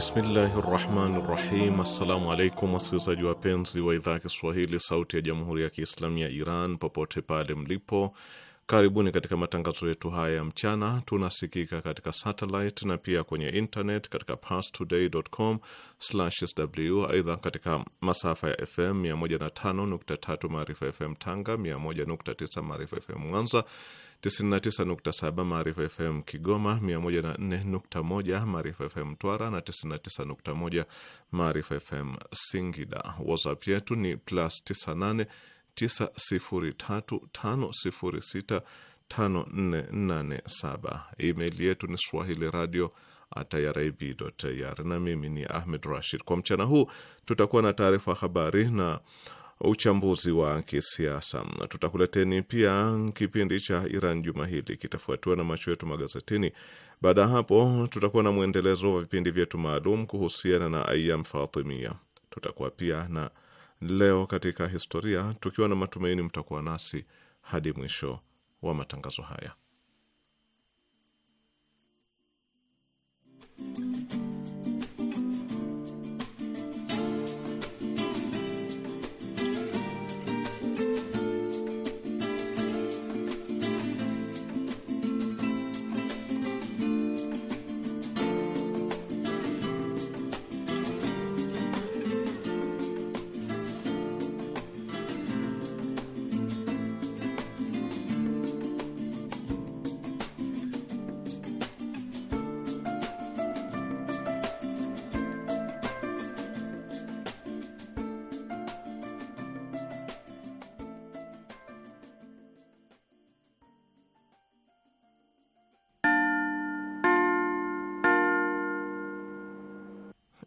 Bismillahi rahmani rahim. Assalamu alaikum wasikilizaji wapenzi wa idhaa ya Kiswahili sauti ya jamhuri ya Kiislamu ya Iran popote pale mlipo, karibuni katika matangazo yetu haya ya mchana. Tunasikika katika satellite na pia kwenye internet katika parstoday.com/sw. Aidha, katika masafa ya FM 105.3 Maarifa FM Tanga, 101.9 Maarifa FM Mwanza 99.7 Maarifa FM Kigoma, 104.1 Maarifa FM Twara na 99.1 Maarifa FM Singida. WhatsApp yetu ni plus 98 Email yetu ni swahili radio irib.ir, na mimi ni Ahmed Rashid. Kwa mchana huu tutakuwa na taarifa habari na uchambuzi wa kisiasa. Tutakuleteni pia kipindi cha Iran juma hili, kitafuatiwa na macho yetu magazetini. Baada ya hapo, tutakuwa na mwendelezo wa vipindi vyetu maalum kuhusiana na Ayam Fatimia. Tutakuwa pia na leo katika historia, tukiwa na matumaini mtakuwa nasi hadi mwisho wa matangazo haya.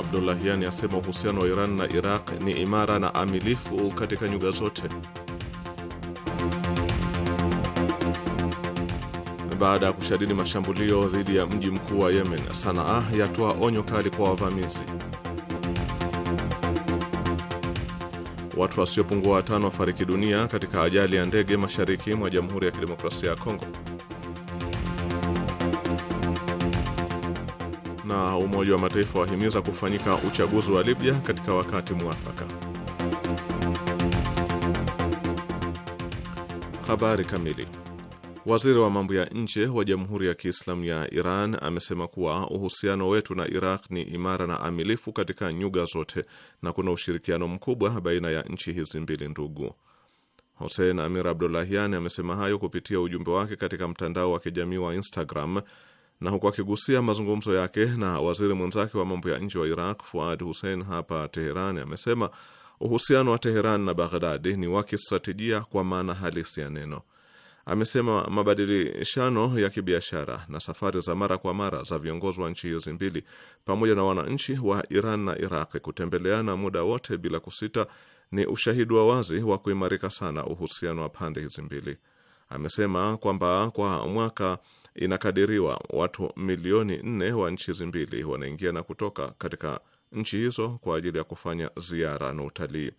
Abdullahiani asema uhusiano wa Iran na Iraq ni imara na amilifu katika nyuga zote. Baada ya kushadidi mashambulio dhidi ya mji mkuu wa Yemen, Sanaa yatoa onyo kali kwa wavamizi. Watu wasiopungua watano wafariki dunia katika ajali ya ndege mashariki mwa Jamhuri ya Kidemokrasia ya Kongo. Umoja wa Mataifa wahimiza kufanyika uchaguzi wa Libya katika wakati mwafaka. Habari kamili. Waziri wa mambo ya nje wa Jamhuri ya Kiislamu ya Iran amesema kuwa uhusiano wetu na Iraq ni imara na amilifu katika nyuga zote na kuna ushirikiano mkubwa baina ya nchi hizi mbili ndugu. Hossein Amir Abdollahian amesema hayo kupitia ujumbe wake katika mtandao wa kijamii wa Instagram na huku akigusia mazungumzo yake na waziri mwenzake wa mambo ya nje wa Iraq Fuad Hussein hapa Teheran, amesema uhusiano wa Teheran na Baghdadi ni wa kistratejia kwa maana halisi ya neno. Amesema mabadilishano ya kibiashara na safari za mara kwa mara za viongozi wa nchi hizi mbili pamoja na wananchi wa Iran na Iraq kutembeleana muda wote bila kusita ni ushahidi wa wazi wa kuimarika sana uhusiano wa pande hizi mbili. Amesema kwamba kwa mwaka Inakadiriwa watu milioni nne wa nchi hizi mbili wanaingia na kutoka katika nchi hizo kwa ajili ya kufanya ziara na utalii.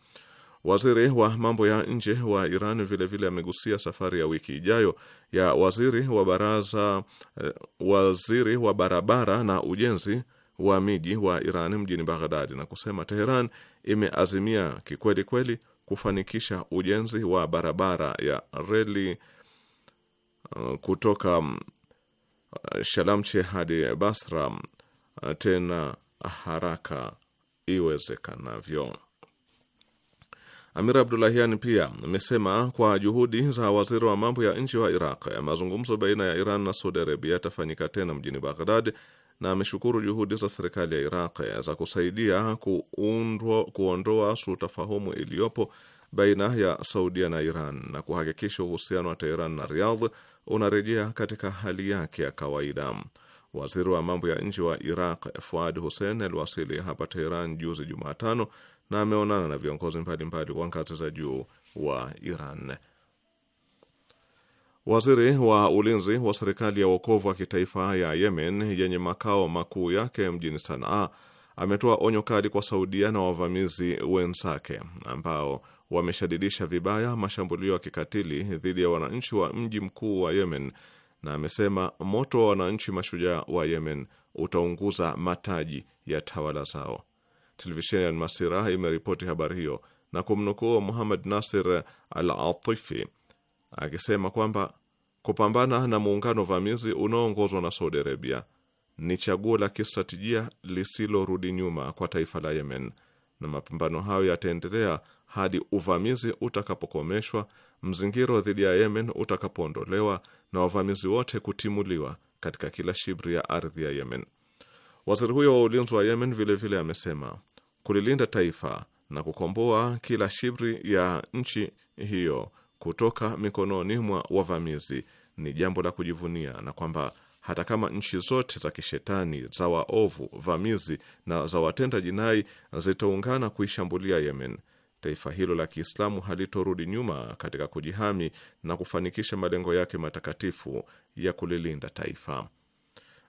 Waziri wa mambo ya nje wa Iran vilevile amegusia safari ya wiki ijayo ya waziri wa baraza, eh, waziri wa barabara na ujenzi wa miji wa Iran mjini Baghdad na kusema Teheran imeazimia kikweli kweli kufanikisha ujenzi wa barabara ya reli eh, kutoka mm, Uh, Shalamche hadi Basra uh, tena haraka iwezekanavyo. Amir Abdulahian pia amesema kwa juhudi za waziri wa mambo ya nchi wa Iraq ya uh, mazungumzo baina ya Iran na Saudi Arabia yatafanyika tena mjini Baghdad, na ameshukuru juhudi za serikali ya Iraq za kusaidia kuundwa, kuondoa sutafahumu iliyopo baina ya Saudia na Iran na kuhakikisha uhusiano wa Teheran na Riyadh unarejea katika hali yake ya kawaida. Waziri wa mambo ya nje wa Iraq Fuad Hussein aliwasili hapa Teheran juzi Jumatano na ameonana na viongozi mbalimbali wa ngazi za juu wa Iran. Waziri wa ulinzi wa serikali ya wokovu wa kitaifa ya Yemen yenye makao makuu yake mjini Sanaa ametoa onyo kali kwa Saudia na wavamizi wenzake ambao wameshadidisha vibaya mashambulio ya kikatili dhidi ya wananchi wa mji mkuu wa Yemen, na amesema moto wa wananchi mashujaa wa Yemen utaunguza mataji ya tawala zao. Televisheni ya Almasira imeripoti habari hiyo na kumnukuu Muhammad Nasir Al-Atifi akisema kwamba kupambana na muungano vamizi unaoongozwa na Saudi Arabia ni chaguo la kistratejia lisilorudi nyuma kwa taifa la Yemen, na mapambano hayo yataendelea hadi uvamizi utakapokomeshwa, mzingiro dhidi ya Yemen utakapoondolewa na wavamizi wote kutimuliwa katika kila shibri ya ardhi ya Yemen. Waziri huyo wa ulinzi wa Yemen vilevile vile amesema kulilinda taifa na kukomboa kila shibri ya nchi hiyo kutoka mikononi mwa wavamizi ni jambo la kujivunia, na kwamba hata kama nchi zote za kishetani za waovu vamizi na za watenda jinai zitaungana kuishambulia Yemen, taifa hilo la Kiislamu halitorudi nyuma katika kujihami na kufanikisha malengo yake matakatifu ya kulilinda taifa.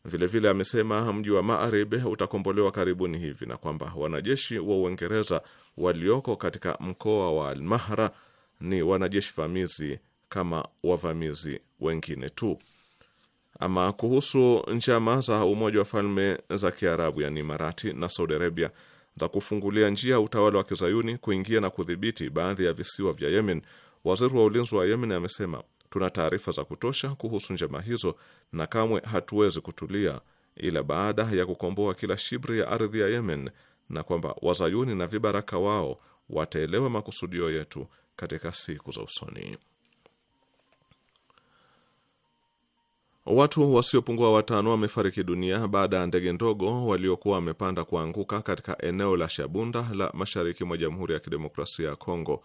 Vilevile vile amesema mji wa Maarib utakombolewa karibuni hivi na kwamba wanajeshi wa Uingereza walioko katika mkoa wa Almahra ni wanajeshi vamizi kama wavamizi wengine tu. Ama kuhusu njama za Umoja wa Falme za Kiarabu, yani Imarati na Saudi Arabia za kufungulia njia utawala wa kizayuni kuingia na kudhibiti baadhi ya visiwa vya Yemen, waziri wa ulinzi wa Yemen amesema, tuna taarifa za kutosha kuhusu njama hizo na kamwe hatuwezi kutulia ila baada ya kukomboa kila shibri ya ardhi ya Yemen, na kwamba wazayuni na vibaraka wao wataelewa makusudio yetu katika siku za usoni. Watu wasiopungua watano wamefariki dunia baada ya ndege ndogo waliokuwa wamepanda kuanguka katika eneo la Shabunda la mashariki mwa Jamhuri ya Kidemokrasia ya Kongo.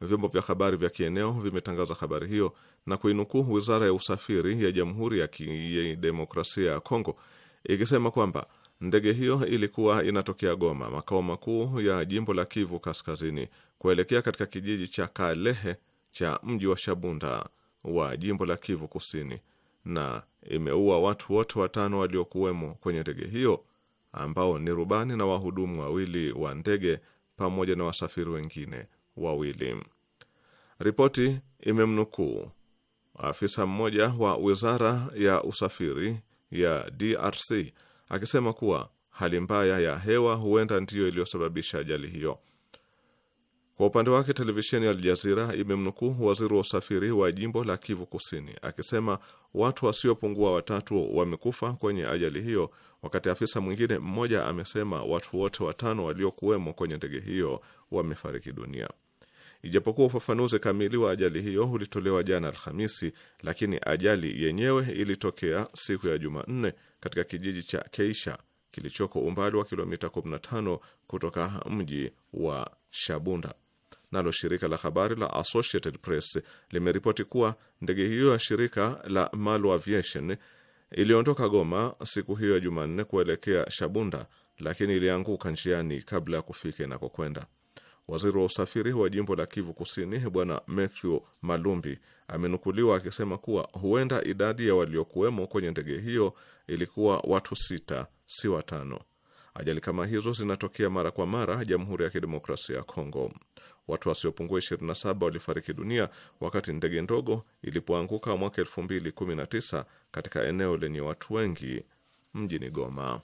Vyombo vya habari vya kieneo vimetangaza habari hiyo na kuinukuu Wizara ya Usafiri ya Jamhuri ya Kidemokrasia ya Kongo ikisema kwamba ndege hiyo ilikuwa inatokea Goma, makao makuu ya jimbo la Kivu Kaskazini, kuelekea katika kijiji cha Kalehe cha mji wa Shabunda wa jimbo la Kivu Kusini na imeua watu wote watano waliokuwemo kwenye ndege hiyo ambao ni rubani na wahudumu wawili wa ndege pamoja na wasafiri wengine wawili. Ripoti imemnukuu afisa mmoja wa wizara ya usafiri ya DRC akisema kuwa hali mbaya ya hewa huenda ndiyo iliyosababisha ajali hiyo. Kwa upande wake televisheni ya Aljazira imemnukuu waziri wa usafiri wa jimbo la Kivu Kusini akisema watu wasiopungua watatu wamekufa kwenye ajali hiyo, wakati afisa mwingine mmoja amesema watu wote watano waliokuwemo kwenye ndege hiyo wamefariki dunia. Ijapokuwa ufafanuzi kamili wa ajali hiyo ulitolewa jana Alhamisi, lakini ajali yenyewe ilitokea siku ya Jumanne katika kijiji cha Keisha kilichoko umbali wa kilomita 15 kutoka mji wa Shabunda nalo shirika la habari la Associated Press limeripoti kuwa ndege hiyo ya shirika la Malu Aviation iliondoka Goma siku hiyo ya Jumanne kuelekea Shabunda, lakini ilianguka njiani kabla ya kufika inakokwenda. Waziri wa usafiri wa jimbo la Kivu Kusini Bwana Matthew Malumbi amenukuliwa akisema kuwa huenda idadi ya waliokuwemo kwenye ndege hiyo ilikuwa watu sita, si watano. Ajali kama hizo zinatokea mara kwa mara Jamhuri ya Kidemokrasia ya Kongo. Watu wasiopungua 27 walifariki dunia wakati ndege ndogo ilipoanguka mwaka 2019 katika eneo lenye watu wengi mjini Goma.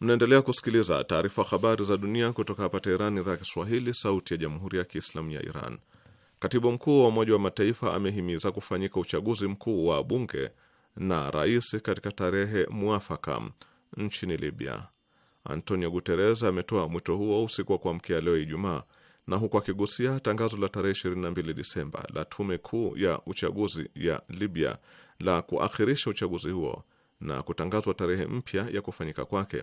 Mnaendelea kusikiliza taarifa habari za dunia kutoka hapa Teherani, idhaa ya Kiswahili, sauti ya jamhuri ya kiislamu ya Iran. Katibu mkuu wa Umoja wa Mataifa amehimiza kufanyika uchaguzi mkuu wa bunge na rais katika tarehe mwafaka nchini Libya. Antonio Guterres ametoa mwito huo usiku wa kuamkia leo Ijumaa, na huku akigusia tangazo la tarehe 22 Disemba la tume kuu ya uchaguzi ya Libya la kuakhirisha uchaguzi huo na kutangazwa tarehe mpya ya kufanyika kwake,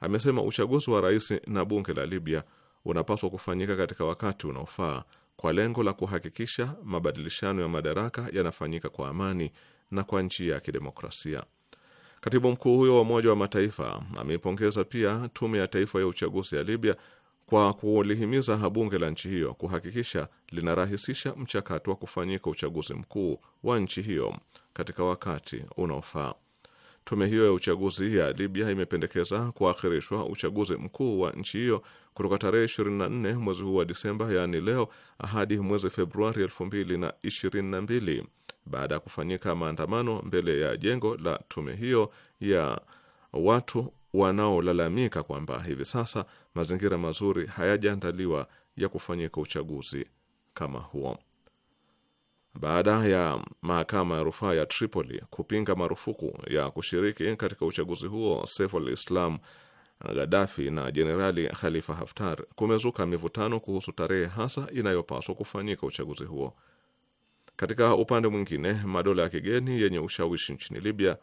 amesema uchaguzi wa rais na bunge la Libya unapaswa kufanyika katika wakati unaofaa kwa lengo la kuhakikisha mabadilishano ya madaraka yanafanyika kwa amani na kwa njia ya kidemokrasia. Katibu mkuu huyo wa Umoja wa Mataifa ameipongeza pia Tume ya Taifa ya Uchaguzi ya Libya kwa kulihimiza bunge la nchi hiyo kuhakikisha linarahisisha mchakato wa kufanyika uchaguzi mkuu wa nchi hiyo katika wakati unaofaa. Tume hiyo ya uchaguzi ya Libya imependekeza kuakhirishwa uchaguzi mkuu wa nchi hiyo kutoka tarehe 24 mwezi huu wa Disemba, yaani leo, hadi mwezi Februari 2022 baada ya kufanyika maandamano mbele ya jengo la tume hiyo ya watu wanaolalamika kwamba hivi sasa mazingira mazuri hayajaandaliwa ya kufanyika uchaguzi kama huo baada ya mahakama ya rufaa ya Tripoli kupinga marufuku ya kushiriki katika uchaguzi huo al Islam Gaddafi na Jenerali Khalifa Haftar, kumezuka mivutano kuhusu tarehe hasa inayopaswa kufanyika uchaguzi huo. Katika upande mwingine, madola ya kigeni yenye ushawishi nchini Libya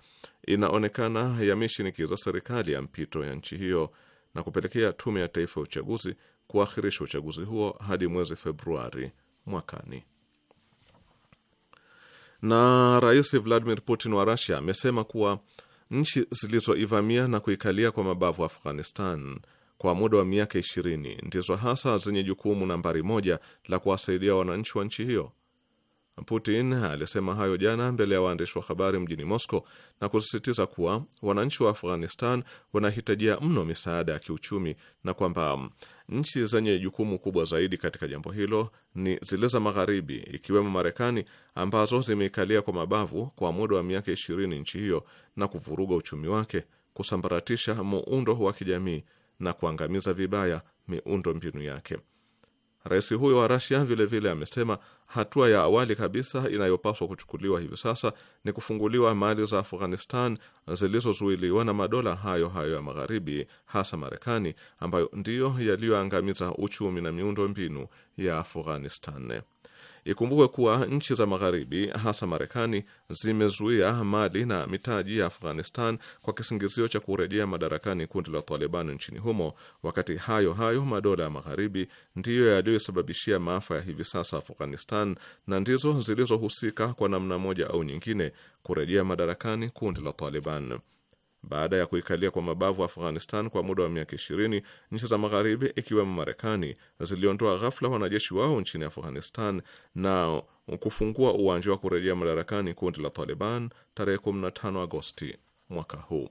inaonekana yameshinikiza serikali ya mpito ya nchi hiyo na kupelekea tume ya taifa ya uchaguzi kuahirisha uchaguzi huo hadi mwezi Februari mwakani na Rais Vladimir Putin wa Russia amesema kuwa nchi zilizoivamia na kuikalia kwa mabavu Afghanistan kwa muda wa miaka ishirini ndizo hasa zenye jukumu nambari moja la kuwasaidia wananchi wa nchi hiyo. Putin alisema hayo jana mbele ya waandishi wa habari mjini Moscow na kusisitiza kuwa wananchi wa Afghanistan wanahitajia mno misaada ya kiuchumi na kwamba Nchi zenye jukumu kubwa zaidi katika jambo hilo ni zile za Magharibi, ikiwemo Marekani ambazo zimeikalia kwa mabavu kwa muda wa miaka ishirini nchi hiyo na kuvuruga uchumi wake, kusambaratisha muundo wa kijamii na kuangamiza vibaya miundo mbinu yake. Rais huyo wa Rasia vilevile amesema hatua ya awali kabisa inayopaswa kuchukuliwa hivi sasa ni kufunguliwa mali za Afghanistan zilizozuiliwa na madola hayo hayo ya Magharibi, hasa Marekani ambayo ndiyo yaliyoangamiza uchumi na miundo mbinu ya Afghanistan. Ikumbukwe kuwa nchi za Magharibi, hasa Marekani, zimezuia mali na mitaji ya Afghanistan kwa kisingizio cha kurejea madarakani kundi la Taliban nchini humo, wakati hayo hayo madola ya Magharibi ndiyo yaliyosababishia maafa ya hivi sasa Afghanistan na ndizo zilizohusika kwa namna moja au nyingine kurejea madarakani kundi la Taliban. Baada ya kuikalia kwa mabavu Afghanistan kwa muda wa miaka 20, nchi za Magharibi ikiwemo Marekani ziliondoa ghafla wanajeshi wao nchini Afghanistan na kufungua uwanja wa kurejea madarakani kundi la Taliban tarehe 15 Agosti mwaka huu.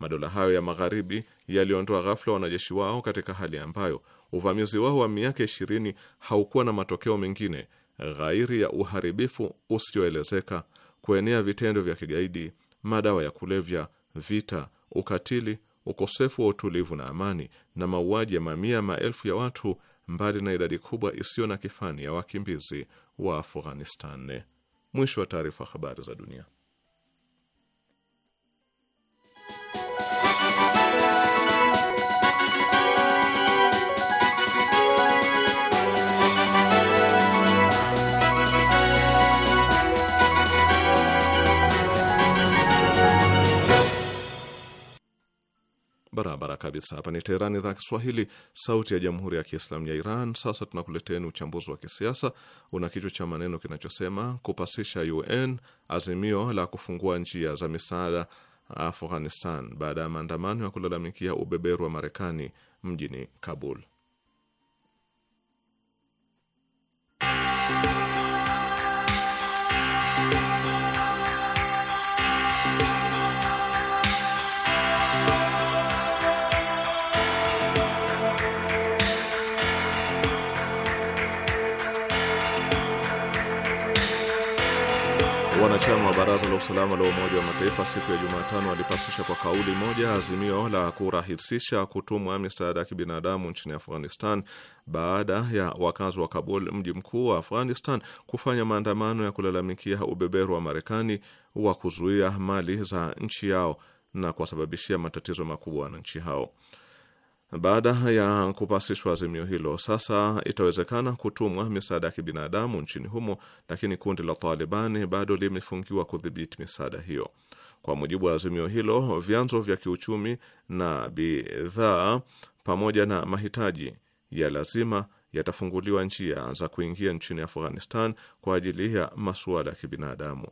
Madola hayo ya Magharibi yaliondoa ghafla wanajeshi wao katika hali ambayo uvamizi wao wa miaka 20 haukuwa na matokeo mengine ghairi ya uharibifu usioelezeka, kuenea vitendo vya kigaidi, madawa ya kulevya vita, ukatili, ukosefu wa utulivu na amani, na mauaji ya mamia maelfu ya watu, mbali na idadi kubwa isiyo na kifani ya wakimbizi wa Afghanistan. Mwisho wa taarifa. Habari za dunia. barabara kabisa. Hapa ni Teherani, idhaa Kiswahili, sauti ya jamhuri ya kiislamu ya Iran. Sasa tunakuleteni uchambuzi wa kisiasa una kichwa cha maneno kinachosema kupasisha UN azimio la kufungua njia za misaada Afghanistan baada ya maandamano ya kulalamikia ubeberu wa Marekani mjini Kabul. wanachama wa Baraza la Usalama la Umoja wa Mataifa siku ya Jumatano walipasisha kwa kauli moja azimio la kurahisisha kutumwa misaada ya kibinadamu nchini Afghanistan baada ya wakazi wa Kabul, mji mkuu wa Afghanistan, kufanya maandamano ya kulalamikia ubeberu wa Marekani wa kuzuia mali za nchi yao na kuwasababishia matatizo makubwa wananchi hao. Baada ya kupasishwa azimio hilo, sasa itawezekana kutumwa misaada ya kibinadamu nchini humo, lakini kundi la Talibani bado limefungiwa kudhibiti misaada hiyo. Kwa mujibu wa azimio hilo, vyanzo vya kiuchumi na bidhaa pamoja na mahitaji ya lazima yatafunguliwa njia za kuingia nchini Afghanistan kwa ajili ya masuala ya kibinadamu.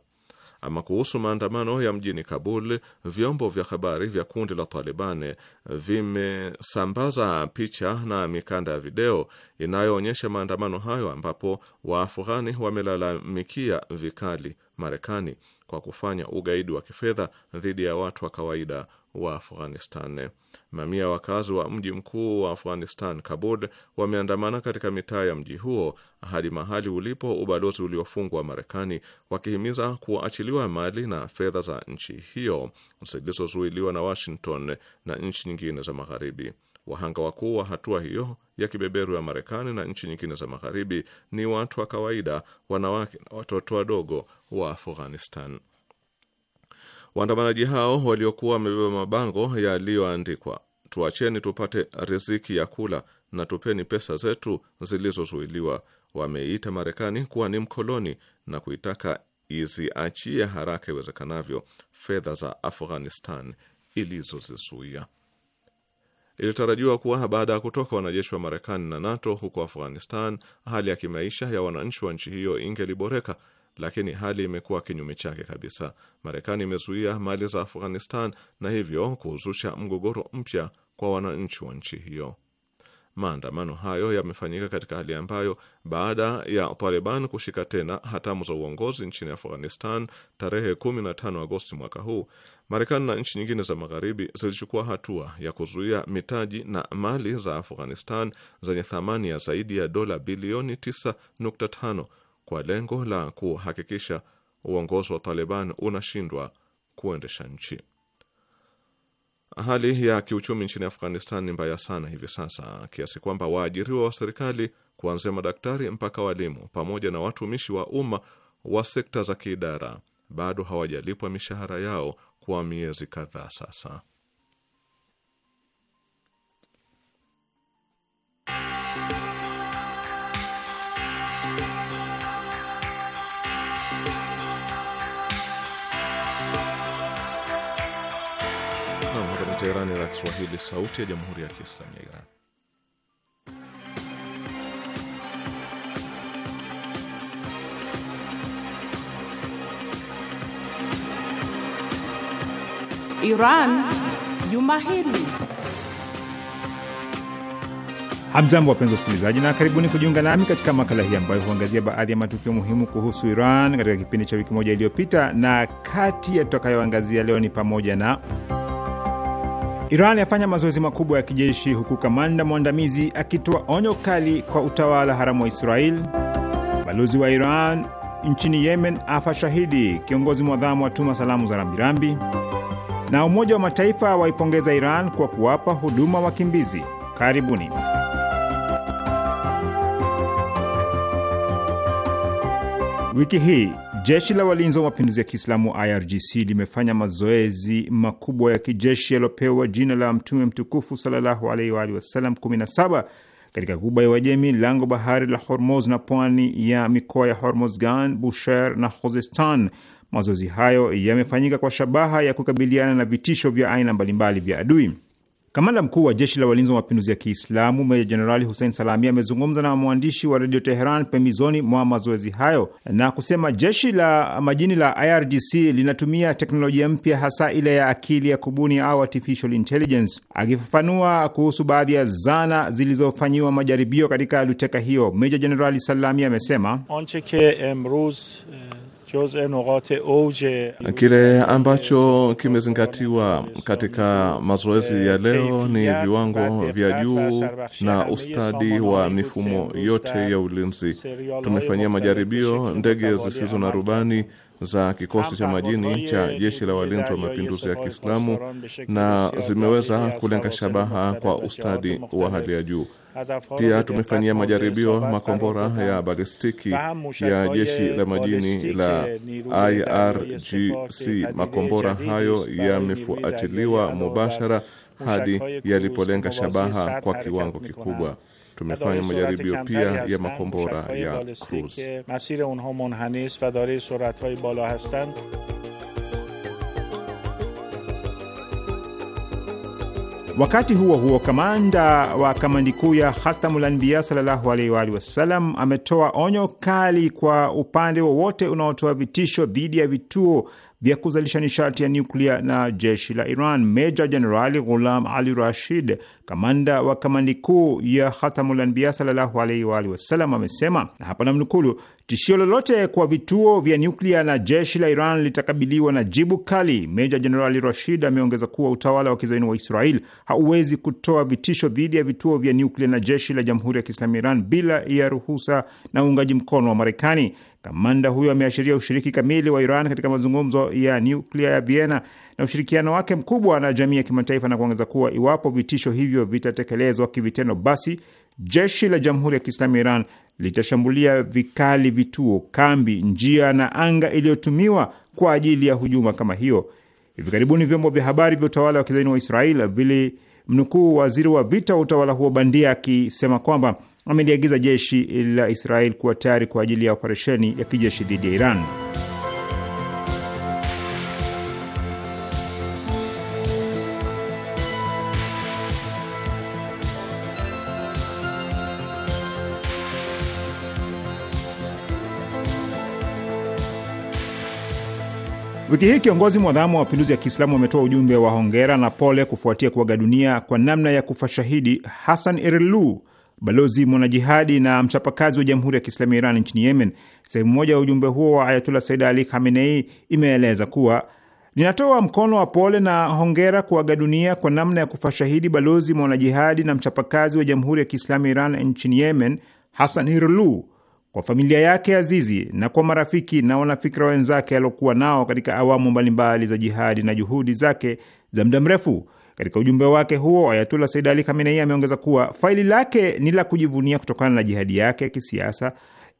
Ama kuhusu maandamano ya mjini Kabul, vyombo vya habari vya kundi la Taliban vimesambaza picha na mikanda ya video inayoonyesha maandamano hayo, ambapo Waafghani wamelalamikia vikali Marekani kwa kufanya ugaidi wa kifedha dhidi ya watu wa kawaida wa Afghanistan. Mamia wakazi wa mji mkuu wa Afghanistan, Kabul, wameandamana katika mitaa ya mji huo hadi mahali ulipo ubalozi uliofungwa wa Marekani, wakihimiza kuachiliwa mali na fedha za nchi hiyo zilizozuiliwa na Washington na nchi nyingine za Magharibi. Wahanga wakuu wa hatua hiyo ya kibeberu ya Marekani na nchi nyingine za Magharibi ni watu wa kawaida, wanawake na watoto wadogo wa Afghanistan. Waandamanaji hao waliokuwa wamebeba mabango yaliyoandikwa tuacheni tupate riziki ya kula na tupeni pesa zetu zilizozuiliwa, wameita Marekani kuwa ni mkoloni na kuitaka iziachie haraka iwezekanavyo fedha za Afghanistan ilizozizuia. Ilitarajiwa kuwa baada ya kutoka wanajeshi wa Marekani na NATO huko Afghanistan, hali ya kimaisha ya wananchi wa nchi hiyo ingeliboreka lakini hali imekuwa kinyume chake kabisa. Marekani imezuia mali za Afghanistan na hivyo kuzusha mgogoro mpya kwa wananchi wa nchi hiyo. Maandamano hayo yamefanyika katika hali ambayo baada ya Taliban kushika tena hatamu za uongozi nchini Afghanistan tarehe 15 Agosti mwaka huu, Marekani na nchi nyingine za Magharibi zilichukua hatua ya kuzuia mitaji na mali za Afghanistan zenye thamani ya zaidi ya dola bilioni 9.5 kwa lengo la kuhakikisha uongozi wa Taliban unashindwa kuendesha nchi. Hali ya kiuchumi nchini Afghanistan ni mbaya sana hivi sasa kiasi kwamba waajiriwa wa serikali kuanzia madaktari mpaka walimu pamoja na watumishi wa umma wa sekta za kiidara bado hawajalipwa mishahara yao kwa miezi kadhaa sasa. Teheran, idhaa ya Kiswahili, sauti ya jamhuri ya kiislamu ya Iran. Iran juma hili. Hamjambo, wapenzi wasikilizaji, na karibuni kujiunga nami katika makala hii ambayo huangazia baadhi ya matukio muhimu kuhusu Iran katika kipindi cha wiki moja iliyopita, na kati ya tutakayoangazia leo ni pamoja na Iran yafanya mazoezi makubwa ya kijeshi huku kamanda mwandamizi akitoa onyo kali kwa utawala haramu wa Israel. Balozi wa Iran nchini Yemen afa shahidi. Kiongozi mwadhamu atuma salamu za rambirambi, na Umoja wa Mataifa waipongeza Iran kwa kuwapa huduma wakimbizi. Karibuni. Wiki hii Jeshi la walinzi wa mapinduzi ya Kiislamu IRGC limefanya mazoezi makubwa ya kijeshi yaliopewa jina la Mtume mtukufu sallallahu alaihi wa alihi wasallam 17 katika Ghuba ya Uajemi, lango bahari la hormos na pwani ya mikoa ya Hormozgan, Bushehr na Khuzestan. Mazoezi hayo yamefanyika kwa shabaha ya kukabiliana na vitisho vya aina mbalimbali vya adui. Kamanda mkuu wa jeshi la walinzi wa mapinduzi ya Kiislamu meja jenerali Hussein Salami amezungumza na mwandishi wa redio Teheran pembezoni mwa mazoezi hayo na kusema jeshi la majini la IRGC linatumia teknolojia mpya, hasa ile ya akili ya kubuni au artificial intelligence. Akifafanua kuhusu baadhi ya zana zilizofanyiwa majaribio katika luteka hiyo, meja jenerali Salami amesema onche ke eh, emruz eh, Kile ambacho kimezingatiwa katika mazoezi ya leo ni viwango vya juu na ustadi wa mifumo yote ya ulinzi. Tumefanyia majaribio ndege zisizo na rubani za kikosi cha majini cha jeshi la walinzi wa mapinduzi ya Kiislamu na zimeweza kulenga shabaha kwa ustadi wa hali ya juu. Pia tumefanyia majaribio makombora ya balistiki ya jeshi la majini la IRGC. Makombora hayo yamefuatiliwa mubashara hadi yalipolenga shabaha kwa kiwango kikubwa tumefanya majaribio pia ya makombora ya cruise. Wakati huo huo, kamanda wa kamandi kuu ya hatamulanbia sallallahu alaihi wa alihi wasallam ametoa onyo kali kwa upande wowote unaotoa vitisho dhidi ya vituo vya kuzalisha nishati ya nyuklia na jeshi la Iran. Meja Jenerali Ghulam Ali Rashid, kamanda wa kamandi kuu ya Khatamul Anbiya sallallahu alaihi wa alihi wasallam, amesema na hapa namnukulu, tishio lolote kwa vituo vya nyuklia na jeshi la Iran litakabiliwa na jibu kali. Meja Jenerali Rashid ameongeza kuwa utawala wa kizaini wa Israel hauwezi kutoa vitisho dhidi ya vituo vya nyuklia na jeshi la Jamhuri ya Kiislamu Iran bila ya ruhusa na uungaji mkono wa Marekani. Kamanda huyo ameashiria ushiriki kamili wa Iran katika mazungumzo ya nyuklia ya Vienna na ushirikiano wake mkubwa na jamii ya kimataifa na kuongeza kuwa iwapo vitisho hivyo vitatekelezwa kivitendo, basi jeshi la Jamhuri ya Kiislamu ya Iran litashambulia vikali vituo, kambi, njia na anga iliyotumiwa kwa ajili ya hujuma kama hiyo. Hivi karibuni vyombo vya habari vya utawala wa kizaini wa Israel vilimnukuu waziri wa vita wa utawala huo bandia akisema kwamba ameliagiza jeshi la Israel kuwa tayari kwa ajili ya operesheni ya kijeshi dhidi ya Iran. Wiki hii kiongozi mwadhamu wa mapinduzi ya Kiislamu ametoa ujumbe wa hongera na pole kufuatia kuaga dunia kwa namna ya kufa shahidi Hassan Irlu, balozi mwanajihadi na mchapakazi wa Jamhuri ya Kiislamu ya Iran nchini Yemen. Sehemu moja ya ujumbe huo wa Ayatullah Said Ali Khamenei imeeleza kuwa linatoa mkono wa pole na hongera kuaga dunia kwa namna ya kufa shahidi balozi mwanajihadi na mchapakazi wa Jamhuri ya Kiislamu ya Iran nchini Yemen, Hassan Hirlu, kwa familia yake azizi na kwa marafiki na wanafikira wenzake aliokuwa nao katika awamu mbalimbali za jihadi na juhudi zake za muda mrefu. Katika ujumbe wake huo, Ayatullah Said Ali Khamenei ameongeza kuwa faili lake ni la kujivunia kutokana na jihadi yake ya kisiasa,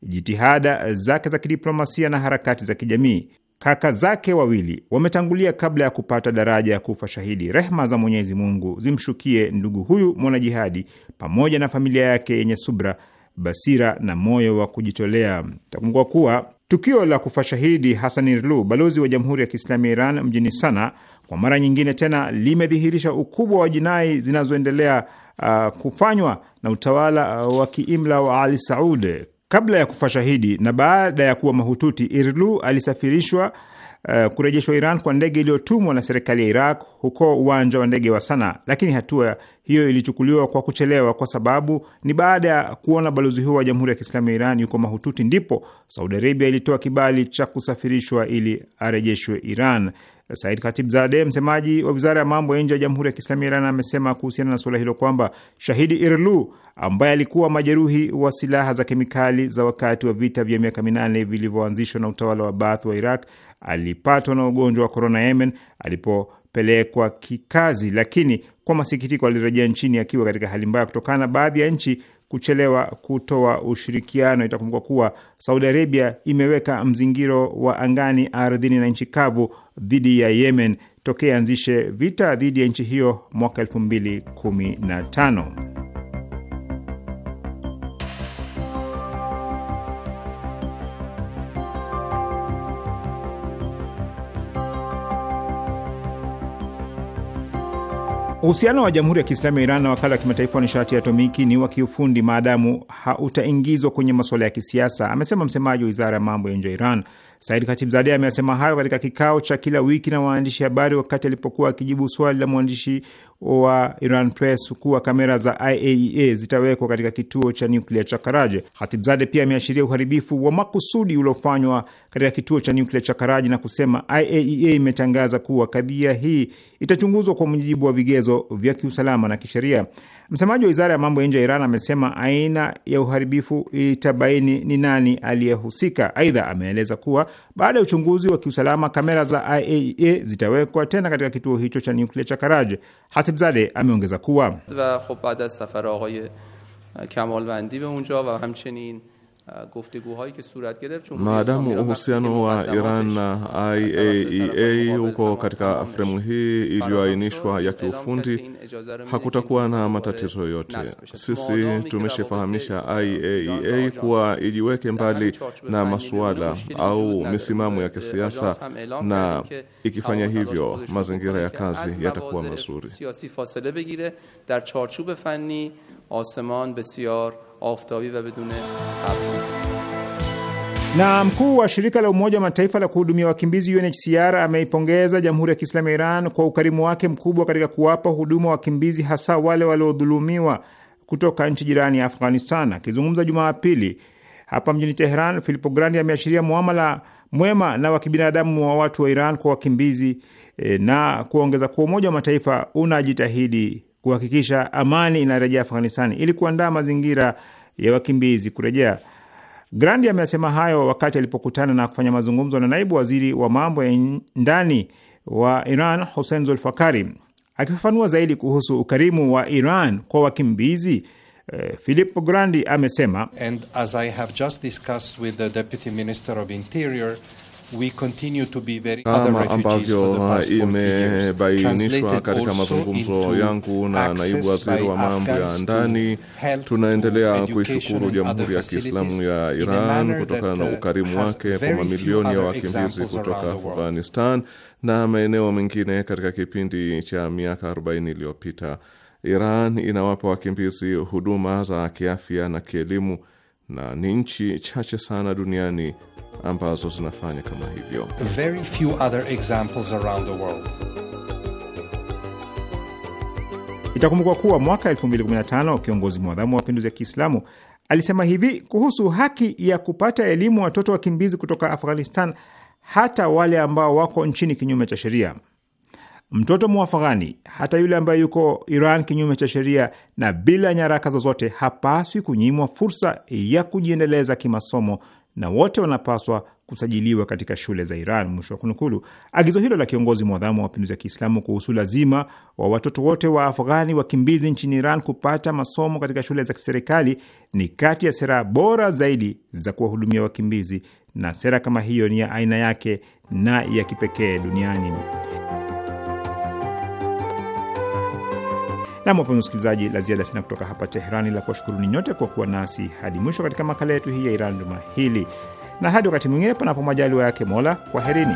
jitihada zake za kidiplomasia na harakati za kijamii. Kaka zake wawili wametangulia kabla ya kupata daraja ya kufa shahidi. Rehma za Mwenyezi Mungu zimshukie ndugu huyu mwanajihadi pamoja na familia yake yenye subra basira na moyo wa kujitolea. Takumbuka kuwa tukio la kufa shahidi Hasan Irlu, balozi wa Jamhuri ya Kiislamu ya Iran mjini Sana, kwa mara nyingine tena limedhihirisha ukubwa wa jinai zinazoendelea uh, kufanywa na utawala uh, wa kiimla wa Ali Saud. Kabla ya kufa shahidi na baada ya kuwa mahututi, Irlu alisafirishwa Eh, kurejeshwa Iran kwa ndege iliyotumwa na serikali ya Iraq huko uwanja wa ndege wa sana lakini hatua hiyo ilichukuliwa kwa kuchelewa, kwa sababu ni baada ya kuona balozi huo wa Jamhuri ya Kiislamu ya Iran yuko mahututi ndipo Saudi Arabia ilitoa kibali cha kusafirishwa ili arejeshwe Iran. Said Zade, msemaji wa wizara ya mambo ya nje ya Jamhuri ya Kiislamu ya Iran, amesema kuhusiana na suala hilo kwamba Shahidi Irlu ambaye alikuwa majeruhi wa silaha za kemikali za wakati wa vita vya miaka minane vilivyoanzishwa na utawala wa Baath wa Iraq alipatwa na ugonjwa wa korona Yemen alipopelekwa kikazi, lakini kwa masikitiko alirejea nchini akiwa katika hali mbaya kutokana na baadhi ya nchi kuchelewa kutoa ushirikiano. Itakumbukwa kuwa Saudi Arabia imeweka mzingiro wa angani, ardhini na nchi kavu dhidi ya Yemen tokea anzishe vita dhidi ya nchi hiyo mwaka e215 Uhusiano wa Jamhuri ya Kiislamu ya Iran na Wakala wa Kimataifa wa Nishati ya Atomiki ni wa kiufundi maadamu hautaingizwa kwenye masuala ya kisiasa, amesema msemaji wa Wizara ya Mambo ya Nje ya Iran. Said zade amesema hayo katika kikao cha kila wiki na waandishi habari wakati alipokuwa akijibu swali la mwandishi wa Iran Press kuwa kamera za IAEA e zitawekwa katika kituo cha nyuklia cha Karaji. Hatibzade pia ameashiria uharibifu wa makusudi uliofanywa katika kituo cha nyuklia cha Karaji na kusema IAEA e imetangaza kuwa kadhia hii itachunguzwa kwa mujibu wa vigezo vya kiusalama na kisheria. Msemaji wa wizara ya mambo ya nje ya Iran amesema aina ya uharibifu itabaini ni nani aliyehusika. Aidha, ameeleza kuwa baada ya uchunguzi wa kiusalama kamera za IAEA e zitawekwa tena katika kituo hicho cha nyuklia cha Karaji. Kibzade ameongeza و خب بعد از سفر آقای کمالوندی به اونجا و همچنین Maadamu uhusiano wa Iran na IAEA e uko katika fremu hii iliyoainishwa ya kiufundi, hakutakuwa na matatizo yoyote. Sisi tumeshafahamisha IAEA e kuwa ijiweke mbali na masuala au misimamo ya kisiasa, na ikifanya hivyo mazingira ya kazi yatakuwa mazuri. آفتابی و بدون ابر na mkuu wa shirika la Umoja wa Mataifa la kuhudumia wakimbizi UNHCR ameipongeza Jamhuri ya Kiislamu ya Iran kwa ukarimu wake mkubwa katika kuwapa huduma wakimbizi hasa wale waliodhulumiwa kutoka nchi jirani ya Afghanistan. Akizungumza Jumapili hapa mjini Teheran, Filipo Grandi ameashiria muamala mwema na wa kibinadamu wa watu wa Iran kwa wakimbizi eh, na kuongeza kuwa Umoja wa Mataifa unajitahidi kuhakikisha amani inarejea Afghanistan ili kuandaa mazingira ya wakimbizi kurejea. Grandi amesema hayo wakati alipokutana na kufanya mazungumzo na naibu waziri wa mambo ya ndani wa Iran Hussein Zulfakari. Akifafanua zaidi kuhusu ukarimu wa Iran kwa wakimbizi, uh, Grandi amesema And as I have just discussed with the Deputy Minister of Interior kama ambavyo imebainishwa katika mazungumzo yangu na naibu waziri wa mambo ya ndani, tunaendelea kuishukuru Jamhuri ya Kiislamu ya Iran kutokana na uh, ukarimu wake kwa mamilioni ya wakimbizi kutoka Afghanistan na maeneo mengine katika kipindi cha miaka 40 iliyopita. Iran inawapa wakimbizi huduma za kiafya na kielimu na ni nchi chache sana duniani ambazo zinafanya kama hivyo. Very few other examples around the world. Itakumbukwa kuwa mwaka 2015 kiongozi mwadhamu wa mapinduzi ya Kiislamu alisema hivi kuhusu haki ya kupata elimu watoto wakimbizi kutoka Afghanistan, hata wale ambao wako nchini kinyume cha sheria. Mtoto Mwafghani, hata yule ambaye yuko Iran kinyume cha sheria na bila nyaraka zozote, hapaswi kunyimwa fursa ya kujiendeleza kimasomo na wote wanapaswa kusajiliwa katika shule za Iran, mwisho wa kunukulu. Agizo hilo la kiongozi mwadhamu wa mapinduzi ya Kiislamu kuhusu lazima wa watoto wote wa Afghani wakimbizi nchini Iran kupata masomo katika shule za kiserikali ni kati ya sera bora zaidi za kuwahudumia wakimbizi, na sera kama hiyo ni ya aina yake na ya kipekee duniani. Nam, wapenzi msikilizaji, la ziada sina kutoka hapa Teherani la kuwashukuruni nyote kwa kuwa nasi hadi mwisho katika makala yetu hii ya Iran juma hili, na hadi wakati mwingine, panapo majaliwa yake Mola. Kwaherini.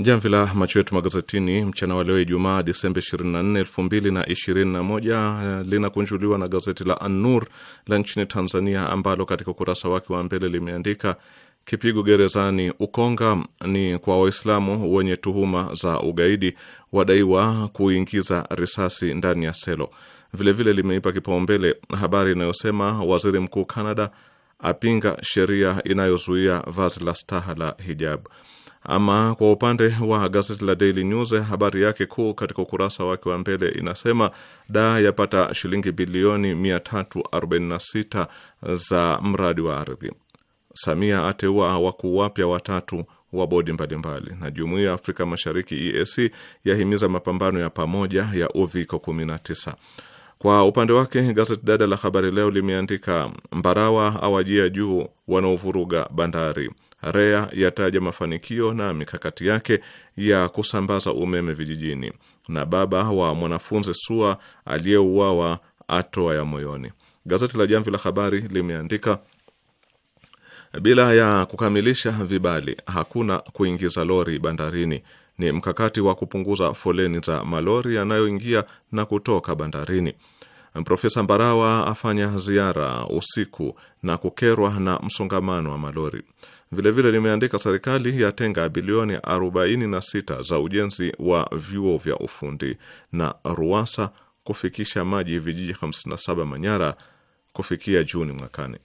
Jamvi la macho yetu magazetini mchana wa leo Ijumaa, Disemba 24, 2021 eh, linakunjuliwa na gazeti la An-Nur la nchini Tanzania, ambalo katika ukurasa wake wa mbele limeandika kipigo gerezani Ukonga ni kwa Waislamu wenye tuhuma za ugaidi, wadaiwa kuingiza risasi ndani ya selo. Vilevile limeipa kipaumbele habari inayosema waziri mkuu Canada apinga sheria inayozuia vazi la staha la hijab. Ama kwa upande wa gazeti la Daily News, habari yake kuu katika ukurasa wake wa mbele inasema da yapata shilingi bilioni 346 za mradi wa ardhi. Samia ateua wakuu wapya watatu wa bodi mbalimbali, na jumuiya ya Afrika Mashariki EAC yahimiza mapambano ya pamoja ya uviko 19. Kwa upande wake gazeti dada la Habari Leo limeandika Mbarawa awajia juu wanaovuruga bandari REA yataja mafanikio na mikakati yake ya kusambaza umeme vijijini, na baba wa mwanafunzi SUA aliyeuawa atoa ya moyoni. Gazeti la Jamvi la Habari limeandika bila ya kukamilisha vibali hakuna kuingiza lori bandarini. Ni mkakati wa kupunguza foleni za malori yanayoingia na kutoka bandarini. Profesa Mbarawa afanya ziara usiku na kukerwa na msongamano wa malori. Vilevile limeandika serikali yatenga bilioni 46 za ujenzi wa vyuo vya ufundi na Ruwasa kufikisha maji vijiji 57 Manyara kufikia Juni mwakani.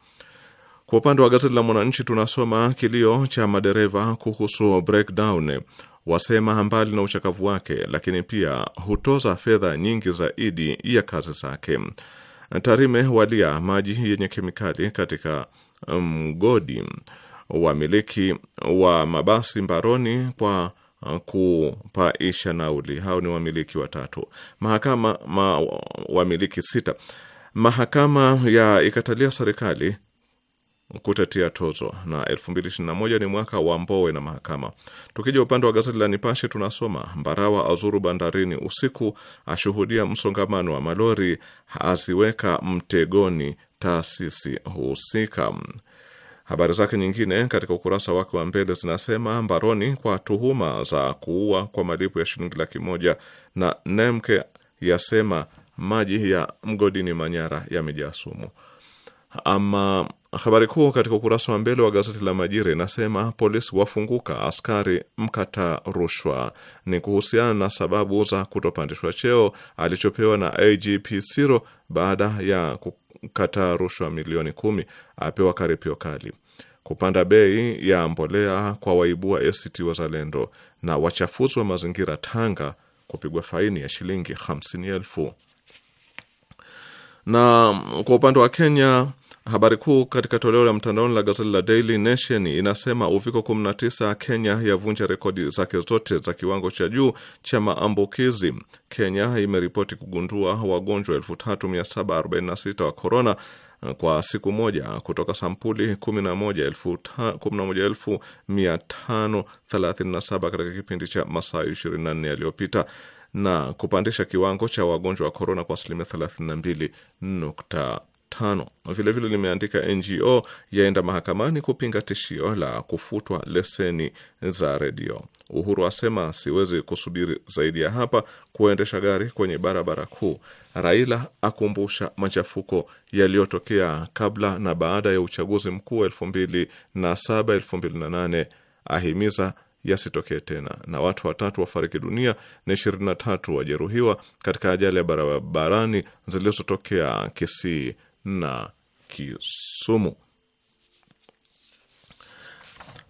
Kwa upande wa gazeti la Mwananchi tunasoma kilio cha madereva kuhusu breakdown, wasema mbali na uchakavu wake, lakini pia hutoza fedha nyingi zaidi ya kazi zake. Tarime walia maji yenye kemikali katika mgodi mm, um, wamiliki wa mabasi mbaroni kwa uh, kupaisha nauli. Hao ni wamiliki watatu. Mahakama ma, wamiliki sita. Mahakama ya ikatalia serikali kutetea tozo na 2021 ni mwaka wa Mbowe na mahakama. Tukija upande wa gazeti la Nipashe tunasoma Mbarawa azuru bandarini usiku, ashuhudia msongamano wa malori, aziweka mtegoni taasisi husika. Habari zake nyingine katika ukurasa wake wa mbele zinasema mbaroni kwa tuhuma za kuua kwa malipo ya shilingi laki moja na Nemke yasema maji ya mgodini Manyara yamejaa sumu. Ama habari kuu katika ukurasa wa mbele wa gazeti la Majira inasema polisi wafunguka, askari mkata rushwa. Ni kuhusiana na sababu za kutopandishwa cheo alichopewa na agp Siro baada ya kukataa rushwa milioni kumi apewa karipio kali. Kupanda bei ya mbolea kwa waibua ACT Wazalendo na wachafuzi wa mazingira Tanga kupigwa faini ya shilingi hamsini elfu. Na kwa upande wa Kenya Habari kuu katika toleo la mtandaoni la gazeti la Daily Nation inasema uviko 19 Kenya yavunja rekodi zake zote za kiwango cha juu cha maambukizi. Kenya imeripoti kugundua wagonjwa 3746 wa korona kwa siku moja kutoka sampuli 11537 katika kipindi cha masaa 24 yaliyopita na kupandisha kiwango cha wagonjwa wa korona kwa asilimia 32 tano. Vilevile limeandika NGO yaenda mahakamani kupinga tishio la kufutwa leseni za redio. Uhuru asema siwezi kusubiri zaidi ya hapa kuendesha gari kwenye barabara kuu. Raila akumbusha machafuko yaliyotokea kabla na baada ya uchaguzi mkuu wa elfu mbili na saba elfu mbili na nane ahimiza yasitokee tena. Na watu watatu wafariki dunia na 23 wajeruhiwa katika ajali ya barabarani zilizotokea Kisii na Kisumu.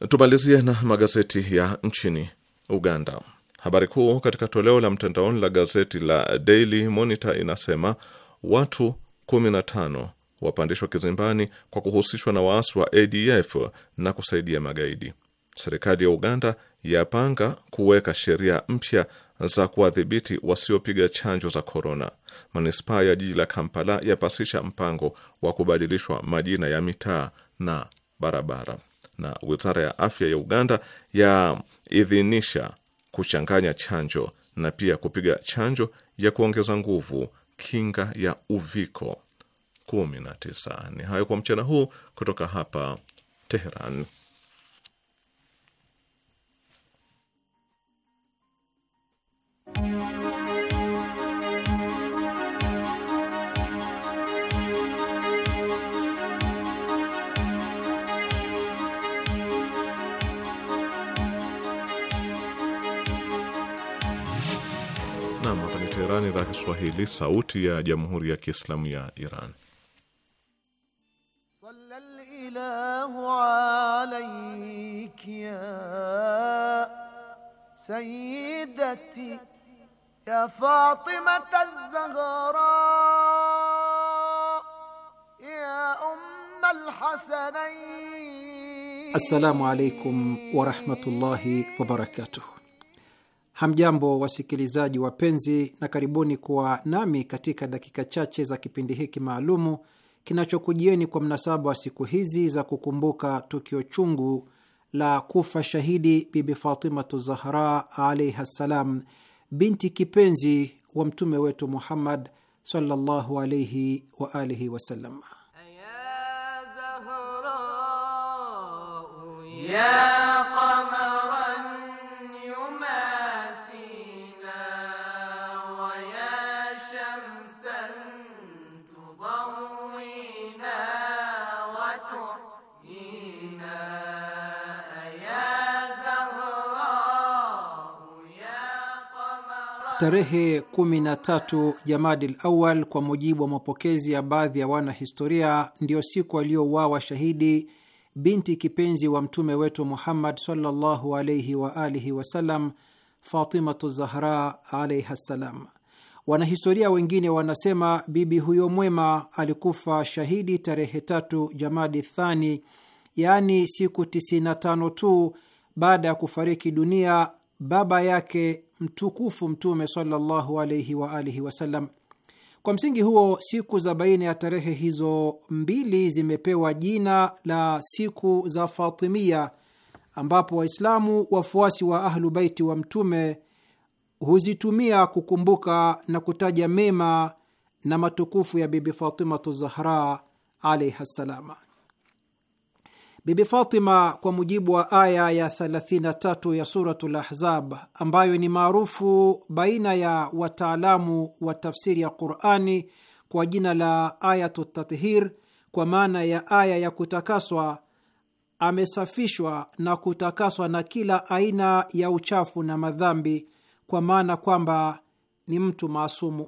Tumalizie na magazeti ya nchini Uganda. Habari kuu katika toleo la mtandaoni la gazeti la Daily Monitor inasema watu 15 wapandishwa kizimbani kwa kuhusishwa na waasi wa ADF na kusaidia magaidi. Serikali ya Uganda yapanga kuweka sheria mpya za kuwadhibiti wasiopiga chanjo za korona, manispaa ya jiji la Kampala yapasisha mpango wa kubadilishwa majina ya mitaa na barabara, na wizara ya afya ya Uganda yaidhinisha kuchanganya chanjo na pia kupiga chanjo ya kuongeza nguvu kinga ya uviko 19. Ni hayo kwa mchana huu kutoka hapa Teheran. Nam, hapa ni idhaa Kiswahili, sauti ya jamhuri ya kiislamu ya Iran. Sallallahu ya sayyidati ya Fatima az-Zahra ya umm al-Hasanayn. Assalamu alaykum wa rahmatullahi wa barakatuh. Hamjambo wasikilizaji wapenzi, na karibuni kuwa nami katika dakika chache za kipindi hiki maalumu kinachokujieni kwa mnasaba wa siku hizi za kukumbuka tukio chungu la kufa shahidi Bibi Fatimatu Zahra alaihi ssalam binti kipenzi wa mtume wetu Muhammad sallallahu alayhi wa alihi wasallam ya Tarehe 13 Jamadil Awal, kwa mujibu wa mapokezi ya baadhi ya wanahistoria, ndiyo siku aliyouawa shahidi binti kipenzi wa mtume wetu Muhammad sallallahu wa alihi wasallam, Fatimatu Zahra alaiha ssalam. Wanahistoria wengine wanasema bibi huyo mwema alikufa shahidi tarehe tatu Jamadi Thani, yaani siku 95 tu baada ya kufariki dunia baba yake mtukufu Mtume sallallahu alaihi wa alihi wasallam. Kwa msingi huo, siku za baina ya tarehe hizo mbili zimepewa jina la siku za Fatimia, ambapo Waislamu wafuasi wa Ahlu Baiti wa Mtume huzitumia kukumbuka na kutaja mema na matukufu ya Bibi Fatimatu Zahra alaihi ssalama. Bibi Fatima, kwa mujibu wa aya ya 33 ya Suratul Ahzab ambayo ni maarufu baina ya wataalamu wa tafsiri ya Qurani kwa jina la Ayatu Tathir, kwa maana ya aya ya kutakaswa, amesafishwa na kutakaswa na kila aina ya uchafu na madhambi, kwa maana kwamba ni mtu maasumu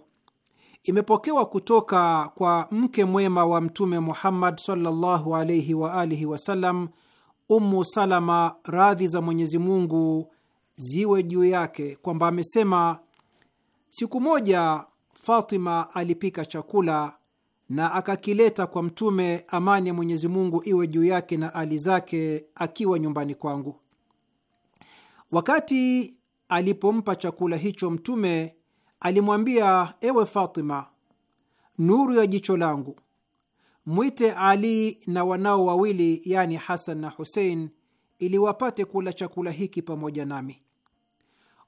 imepokewa kutoka kwa mke mwema wa Mtume Muhammad sallallahu alaihi wa alihi wasallam, umu Salama, radhi za Mwenyezi Mungu ziwe juu yake, kwamba amesema, siku moja Fatima alipika chakula na akakileta kwa Mtume, amani ya Mwenyezi Mungu iwe juu yake na ali zake, akiwa nyumbani kwangu. Wakati alipompa chakula hicho Mtume, alimwambia, ewe Fatima, nuru ya jicho langu, mwite Ali na wanao wawili, yani Hasan na Husein, ili wapate kula chakula hiki pamoja nami.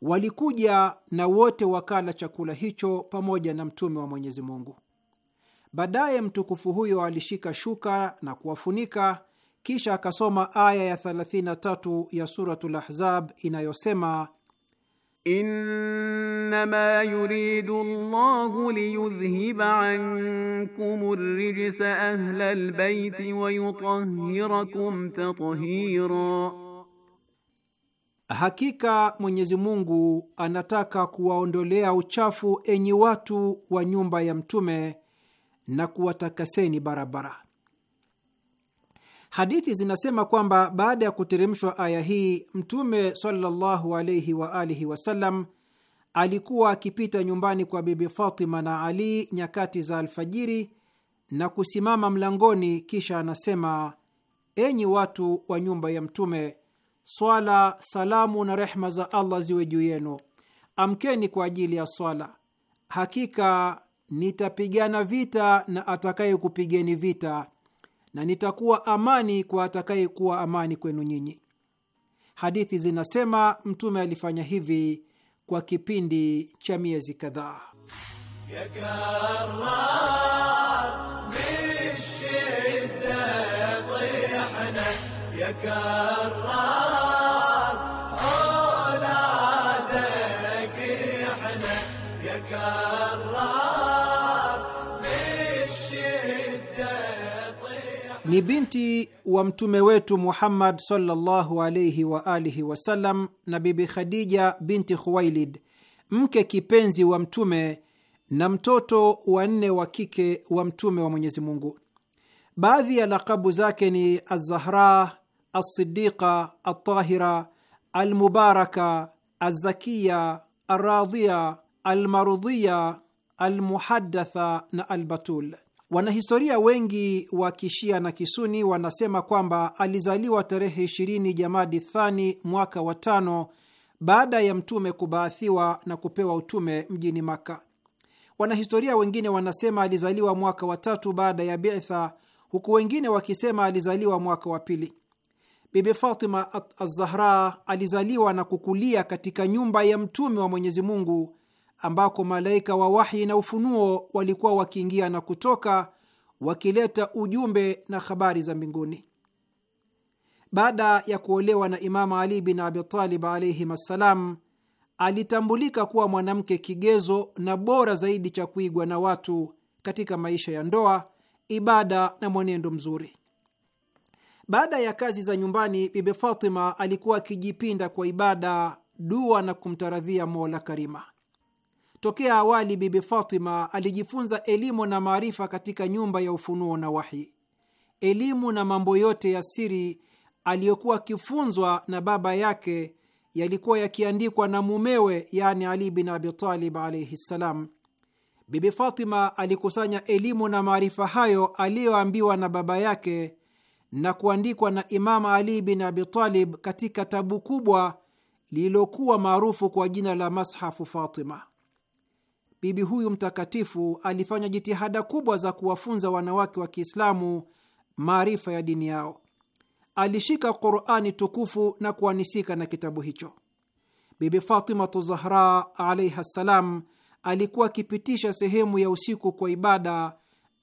Walikuja na wote wakala chakula hicho pamoja na Mtume wa Mwenyezi Mungu. Baadaye mtukufu huyo alishika shuka na kuwafunika, kisha akasoma aya ya 33 ya Suratul Ahzab inayosema Innama yuridu Allahu liyudhhiba ankum ar-rijsa ahla al-bayti wa yutahhirakum tathira, hakika Mwenyezi Mungu anataka kuwaondolea uchafu enyi watu wa nyumba ya Mtume na kuwatakaseni barabara. Hadithi zinasema kwamba baada ya kuteremshwa aya hii, Mtume sallallahu alaihi wa alihi wasallam alikuwa akipita nyumbani kwa Bibi Fatima na Ali nyakati za alfajiri na kusimama mlangoni, kisha anasema: enyi watu wa nyumba ya Mtume, swala, salamu na rehma za Allah ziwe juu yenu, amkeni kwa ajili ya swala. Hakika nitapigana vita na atakayekupigeni vita na nitakuwa amani kwa atakayekuwa amani kwenu nyinyi. Hadithi zinasema Mtume alifanya hivi kwa kipindi cha miezi kadhaa. ni binti wa mtume wetu Muhammad sallallahu alayhi wa alihi wasallam na Bibi Khadija binti Khuwailid, mke kipenzi wa mtume na mtoto wa nne wa kike wa mtume wa Mwenyezi Mungu. Baadhi ya lakabu zake ni Alzahra, Alsidiqa, Altahira, Almubaraka, Alzakiya, Alradhiya, Almarudhiya, Almuhadatha na Albatul. Wanahistoria wengi wa kishia na kisuni wanasema kwamba alizaliwa tarehe 20 Jamadi Thani mwaka wa tano baada ya mtume kubaathiwa na kupewa utume mjini Makka. Wanahistoria wengine wanasema alizaliwa mwaka wa tatu baada ya bitha, huku wengine wakisema alizaliwa mwaka wa pili. Bibi Fatima Az-Zahra alizaliwa na kukulia katika nyumba ya mtume wa Mwenyezi Mungu ambako malaika wa wahi na ufunuo walikuwa wakiingia na kutoka wakileta ujumbe na habari za mbinguni. Baada ya kuolewa na Imamu Ali bin Abitalib alaihim assalam, alitambulika kuwa mwanamke kigezo na bora zaidi cha kuigwa na watu katika maisha ya ndoa, ibada na mwenendo mzuri. Baada ya kazi za nyumbani, Bibi Fatima alikuwa akijipinda kwa ibada, dua na kumtaradhia Mola Karima. Tokea awali Bibi Fatima alijifunza elimu na maarifa katika nyumba ya ufunuo na wahi. Elimu na mambo yote ya siri aliyokuwa akifunzwa na baba yake yalikuwa yakiandikwa na mumewe, yani Ali bin Abitalib alaihi ssalam. Bibi Fatima alikusanya elimu na maarifa hayo aliyoambiwa na baba yake na kuandikwa na Imamu Ali bin Abitalib katika tabu kubwa lililokuwa maarufu kwa jina la Mashafu Fatima bibi huyu mtakatifu alifanya jitihada kubwa za kuwafunza wanawake wa Kiislamu maarifa ya dini yao. Alishika Qurani tukufu na kuanisika na kitabu hicho. Bibi Fatimatu Zahra alaihi ssalam alikuwa akipitisha sehemu ya usiku kwa ibada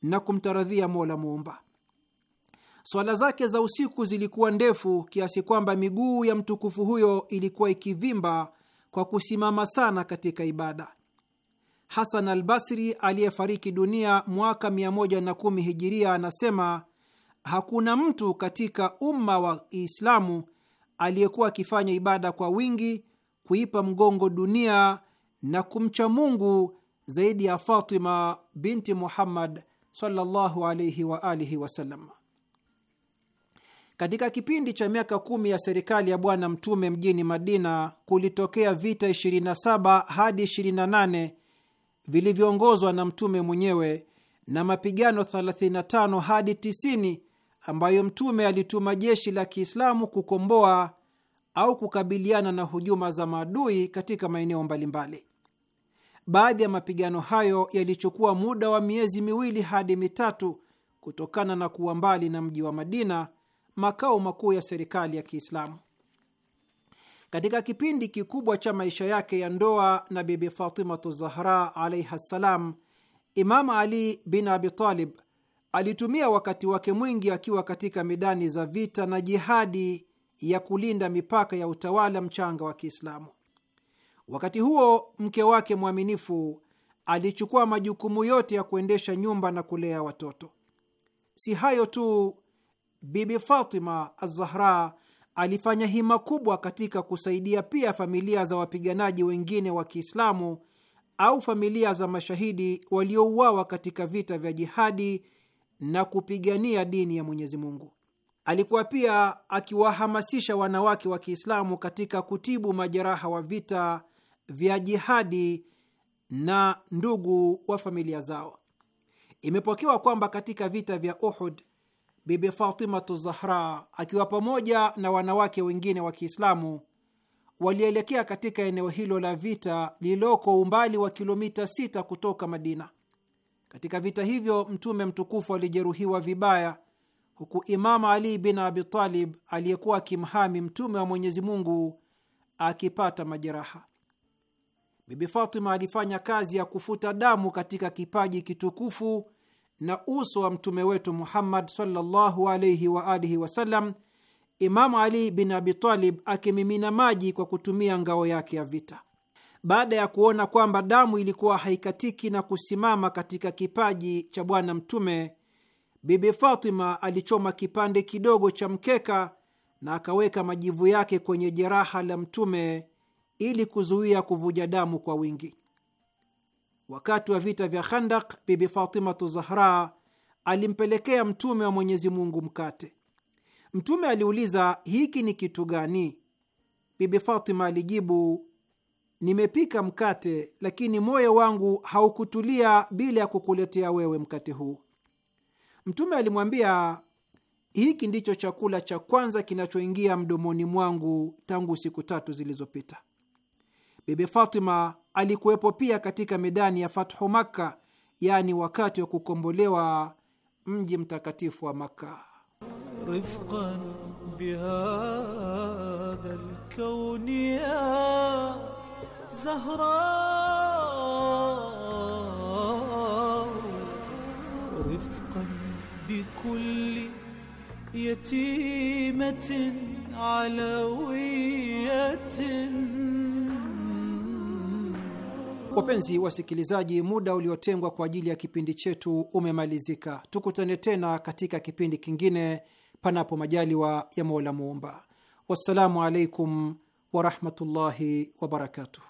na kumtaradhia Mola Muumba. Swala zake za usiku zilikuwa ndefu kiasi kwamba miguu ya mtukufu huyo ilikuwa ikivimba kwa kusimama sana katika ibada. Hasan al Basri aliyefariki dunia mwaka 110 hijiria, anasema hakuna mtu katika umma wa Islamu aliyekuwa akifanya ibada kwa wingi, kuipa mgongo dunia na kumcha Mungu zaidi ya Fatima binti Muhammad sallallahu alayhi wa alihi wasallam. Katika kipindi cha miaka kumi ya serikali ya Bwana Mtume mjini Madina kulitokea vita 27 hadi 28 vilivyoongozwa na mtume mwenyewe na mapigano 35 hadi 90 ambayo mtume alituma jeshi la Kiislamu kukomboa au kukabiliana na hujuma za maadui katika maeneo mbalimbali. Baadhi ya mapigano hayo yalichukua muda wa miezi miwili hadi mitatu kutokana na kuwa mbali na mji wa Madina, makao makuu ya serikali ya Kiislamu. Katika kipindi kikubwa cha maisha yake ya ndoa na Bibi Fatimatu Zahra alaihi ssalam, Imam Ali bin Abitalib alitumia wakati wake mwingi akiwa katika midani za vita na jihadi ya kulinda mipaka ya utawala mchanga wa Kiislamu. Wakati huo mke wake mwaminifu alichukua majukumu yote ya kuendesha nyumba na kulea watoto. Si hayo tu, Bibi Fatima Azahra alifanya hima kubwa katika kusaidia pia familia za wapiganaji wengine wa Kiislamu au familia za mashahidi waliouawa katika vita vya jihadi na kupigania dini ya Mwenyezi Mungu. Alikuwa pia akiwahamasisha wanawake wa Kiislamu katika kutibu majeraha wa vita vya jihadi na ndugu wa familia zao. Imepokewa kwamba katika vita vya Uhud Bibi Fatimatu Zahra akiwa pamoja na wanawake wengine wa Kiislamu walielekea katika eneo hilo la vita lililoko umbali wa kilomita sita kutoka Madina. Katika vita hivyo Mtume mtukufu alijeruhiwa vibaya, huku Imamu Ali bin Abitalib aliyekuwa akimhami Mtume wa Mwenyezi Mungu akipata majeraha. Bibi Fatima alifanya kazi ya kufuta damu katika kipaji kitukufu na uso wa mtume wetu Muhammad sallallahu alaihi wa alihi wasallam, Imamu Ali bin Abitalib akimimina maji kwa kutumia ngao yake ya vita. Baada ya kuona kwamba damu ilikuwa haikatiki na kusimama katika kipaji cha bwana mtume, Bibi Fatima alichoma kipande kidogo cha mkeka na akaweka majivu yake kwenye jeraha la mtume ili kuzuia kuvuja damu kwa wingi. Wakati wa vita vya Khandak, Bibi Fatimatu Zahra alimpelekea Mtume wa Mwenyezi Mungu mkate. Mtume aliuliza, hiki ni kitu gani? Bibi Fatima alijibu, nimepika mkate, lakini moyo wangu haukutulia bila ya kukuletea wewe mkate huu. Mtume alimwambia, hiki ndicho chakula cha kwanza kinachoingia mdomoni mwangu tangu siku tatu zilizopita. Bibi Fatima alikuwepo pia katika medani ya fathu Makka, yaani wakati wa kukombolewa mji mtakatifu wa Makka. yatimatin alawiyatin Wapenzi wasikilizaji, muda uliotengwa kwa ajili ya kipindi chetu umemalizika. Tukutane tena katika kipindi kingine, panapo majaliwa ya Mola Muumba. Wassalamu alaikum warahmatullahi wabarakatuh.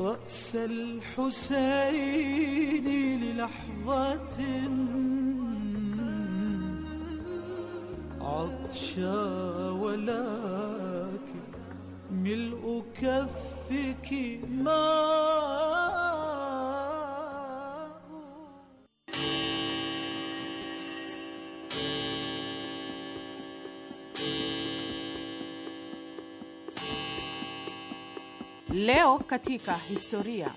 رأس الحسين للحظة عطشا ولكن ملء كفك ما Leo katika historia.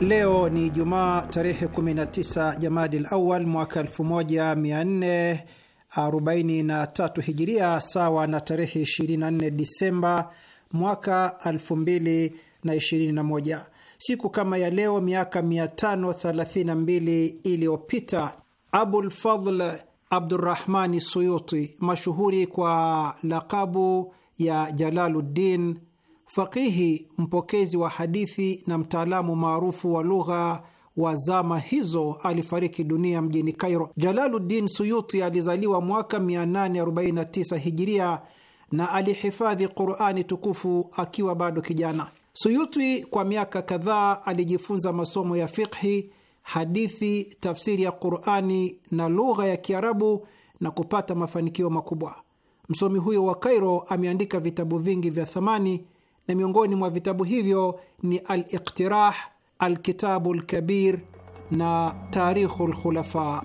Leo ni Jumaa tarehe 19 Jamadil Awal mwaka 1443 Hijiria, sawa na tarehe 24 Disemba mwaka 2021. Siku kama ya leo miaka 532 iliyopita Abulfadl Abdurrahmani Suyuti, mashuhuri kwa lakabu ya Jalaluddin Fakihi mpokezi wa hadithi na mtaalamu maarufu wa lugha wa zama hizo alifariki dunia mjini Kairo. Jalaluddin Suyuti alizaliwa mwaka 849 hijiria na alihifadhi Qurani tukufu akiwa bado kijana. Suyuti kwa miaka kadhaa alijifunza masomo ya fiqhi, hadithi, tafsiri ya Qurani na lugha ya Kiarabu na kupata mafanikio makubwa. Msomi huyo wa Kairo ameandika vitabu vingi vya thamani na miongoni mwa vitabu hivyo ni Al-Iqtirah, Alkitabu Lkabir na Tarikhu Lkhulafa.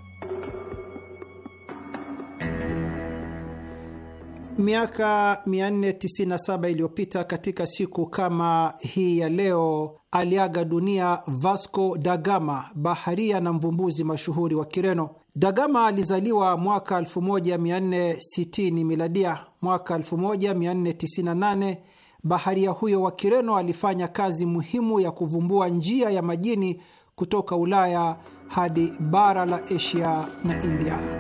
Miaka 497 iliyopita katika siku kama hii ya leo aliaga dunia Vasco da Gama, baharia na mvumbuzi mashuhuri wa Kireno. Da Gama alizaliwa mwaka 1460 miladia. Mwaka 1498 baharia huyo wa Kireno alifanya kazi muhimu ya kuvumbua njia ya majini kutoka Ulaya hadi bara la Asia na India.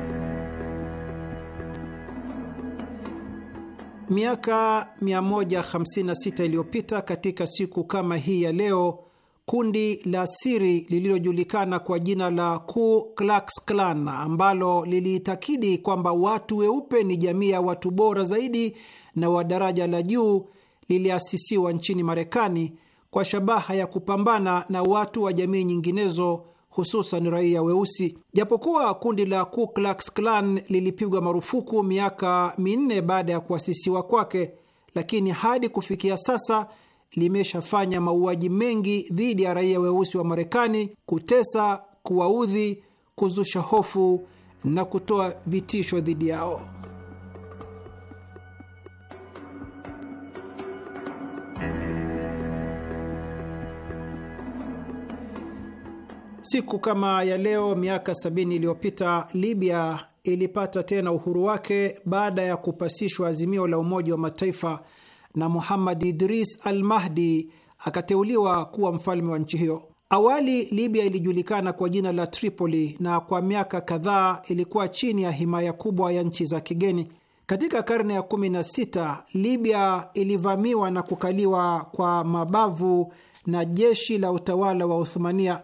Miaka 156 iliyopita katika siku kama hii ya leo, kundi la siri lililojulikana kwa jina la Ku Klux Klan ambalo liliitakidi kwamba watu weupe ni jamii ya watu bora zaidi na wa daraja la juu liliasisiwa nchini Marekani kwa shabaha ya kupambana na watu wa jamii nyinginezo hususan raia weusi. Japokuwa kundi la Ku Klux Klan lilipigwa marufuku miaka minne baada ya kuasisiwa kwake, lakini hadi kufikia sasa limeshafanya mauaji mengi dhidi ya raia weusi wa Marekani, kutesa, kuwaudhi, kuzusha hofu na kutoa vitisho dhidi yao. Siku kama ya leo miaka sabini iliyopita Libya ilipata tena uhuru wake baada ya kupasishwa azimio la Umoja wa Mataifa na Muhammad Idris Al Mahdi akateuliwa kuwa mfalme wa nchi hiyo. Awali Libya ilijulikana kwa jina la Tripoli na kwa miaka kadhaa ilikuwa chini ya himaya kubwa ya nchi za kigeni. Katika karne ya 16 Libya ilivamiwa na kukaliwa kwa mabavu na jeshi la utawala wa Uthumania.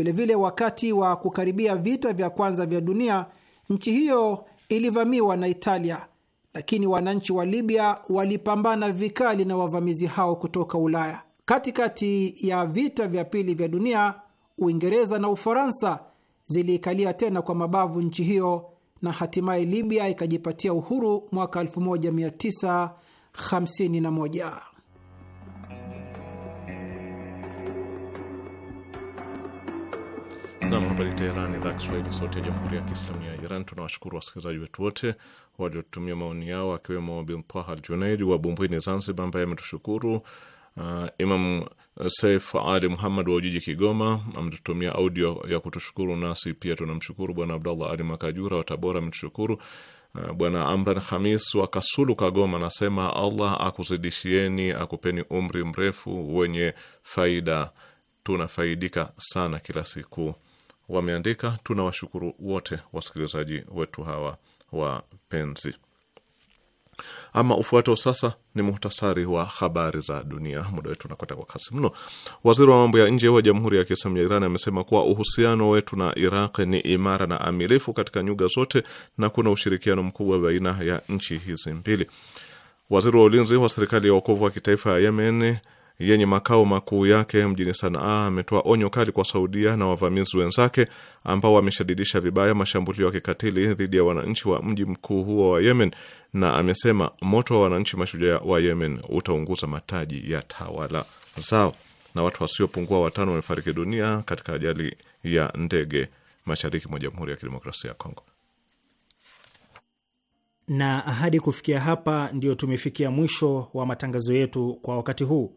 Vilevile, wakati wa kukaribia vita vya kwanza vya dunia, nchi hiyo ilivamiwa na Italia, lakini wananchi wa Libya walipambana vikali na wavamizi hao kutoka Ulaya. Katikati ya vita vya pili vya dunia, Uingereza na Ufaransa ziliikalia tena kwa mabavu nchi hiyo na hatimaye Libya ikajipatia uhuru mwaka 1951. Nam, hapa ni Teherani, idhaa Kiswahili, sauti ya jamhuri ya kiislamu ya Iran. Tunawashukuru wasikilizaji wetu wote waliotumia maoni yao, akiwemo Bintaha Junaid wa Bumbwini, Zanzibar, ambaye ametushukuru. Uh, Imam Saif Ali Muhammad wa Ujiji, Kigoma, ametutumia audio ya kutushukuru, nasi pia tunamshukuru. Bwana Abdallah Ali Makajura wa Tabora ametushukuru. Uh, Bwana Amran Hamis wa Kasulu, Kagoma, anasema Allah akuzidishieni, akupeni umri mrefu wenye faida, tunafaidika sana kila siku wameandika. Tunawashukuru wote wasikilizaji wetu hawa wapenzi. Ama ufuatao sasa ni muhtasari wa habari za dunia. Muda wetu unakwenda kwa kasi mno. Waziri wa mambo ya nje wa Jamhuri ya Kiislamu ya Iran amesema kuwa uhusiano wetu na Iraq ni imara na amilifu katika nyuga zote na kuna ushirikiano mkubwa baina ya nchi hizi mbili. Waziri wa ulinzi wa serikali ya wokovu wa kitaifa ya Yemen yenye makao makuu yake mjini Sanaa ametoa onyo kali kwa Saudia na wavamizi wenzake ambao wameshadidisha vibaya mashambulio ya kikatili dhidi ya wananchi wa mji mkuu huo wa Yemen, na amesema moto wa wananchi mashujaa wa Yemen utaunguza mataji ya tawala zao. Na watu wasiopungua watano wamefariki dunia katika ajali ya ndege mashariki mwa Jamhuri ya Kidemokrasia ya Kongo. Na hadi kufikia hapa, ndio tumefikia mwisho wa matangazo yetu kwa wakati huu.